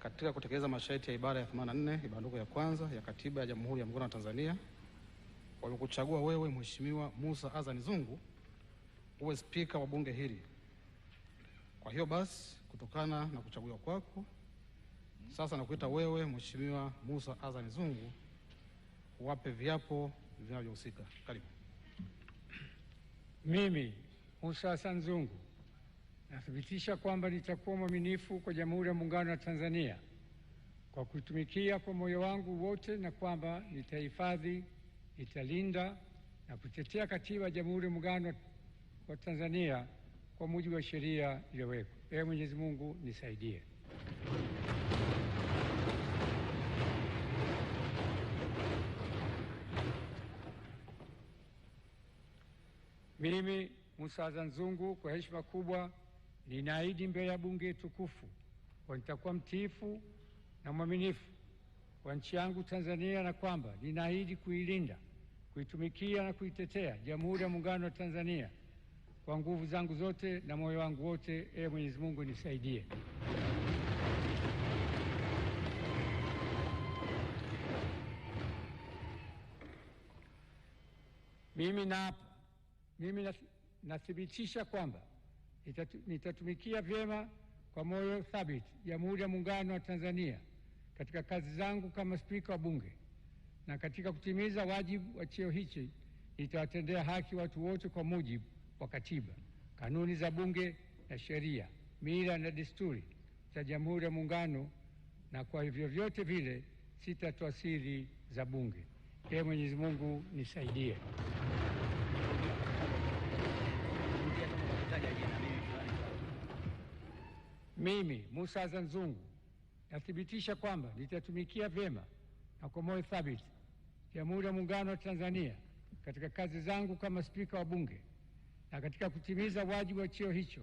katika kutekeleza masharti ya ibara ya 84 ibanduko ya kwanza ya Katiba ya Jamhuri ya Muungano wa Tanzania wamekuchagua wewe Mheshimiwa musa Azan Zungu uwe spika wa bunge hili. Kwa hiyo basi, kutokana na kuchaguliwa kwako, sasa nakuita wewe Mheshimiwa musa Azan Zungu uwape viapo vinavyohusika. Karibu. Mimi musa Azan Zungu Nathibitisha kwamba nitakuwa mwaminifu kwa Jamhuri ya Muungano wa Tanzania kwa kutumikia kwa moyo wangu wote na kwamba nitahifadhi, nitalinda na kutetea Katiba ya Jamhuri ya Muungano wa Tanzania kwa mujibu wa sheria iliyowekwa. Ee Mwenyezi Mungu nisaidie. Mimi Musa Azan Zungu kwa heshima kubwa Ninaahidi mbele ya bunge tukufu kwa nitakuwa mtiifu na mwaminifu kwa nchi yangu Tanzania na kwamba ninaahidi kuilinda, kuitumikia na kuitetea Jamhuri ya Muungano wa Tanzania kwa nguvu zangu zote na moyo wangu wote. Ee Mwenyezi Mungu nisaidie. Mimi nathibitisha na kwamba Nitatumikia vyema kwa moyo thabiti Jamhuri ya Muungano wa Tanzania katika kazi zangu kama Spika wa Bunge, na katika kutimiza wajibu wa cheo hichi nitawatendea haki watu wote kwa mujibu wa Katiba, kanuni za Bunge na sheria, mila na desturi za Jamhuri ya Muungano, na kwa hivyo vyote vile sitatoa siri za Bunge. Ee Mwenyezi Mungu nisaidie. Mimi musa Azzan Zungu nathibitisha kwamba nitatumikia vyema na kwa moyo thabiti Jamhuri ya Muungano wa Tanzania katika kazi zangu kama Spika wa Bunge, na katika kutimiza wajibu wa cheo hicho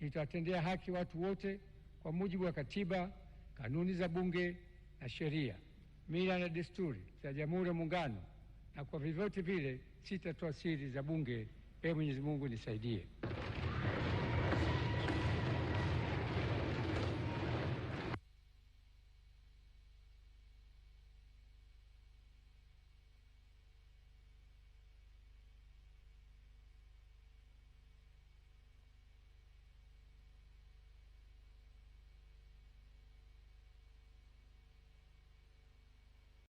nitawatendea haki watu wote kwa mujibu wa Katiba, kanuni za Bunge na sheria, mila na desturi za Jamhuri ya Muungano, na kwa vyovyote vile sitatoa siri za Bunge. Ee Mwenyezi Mungu nisaidie.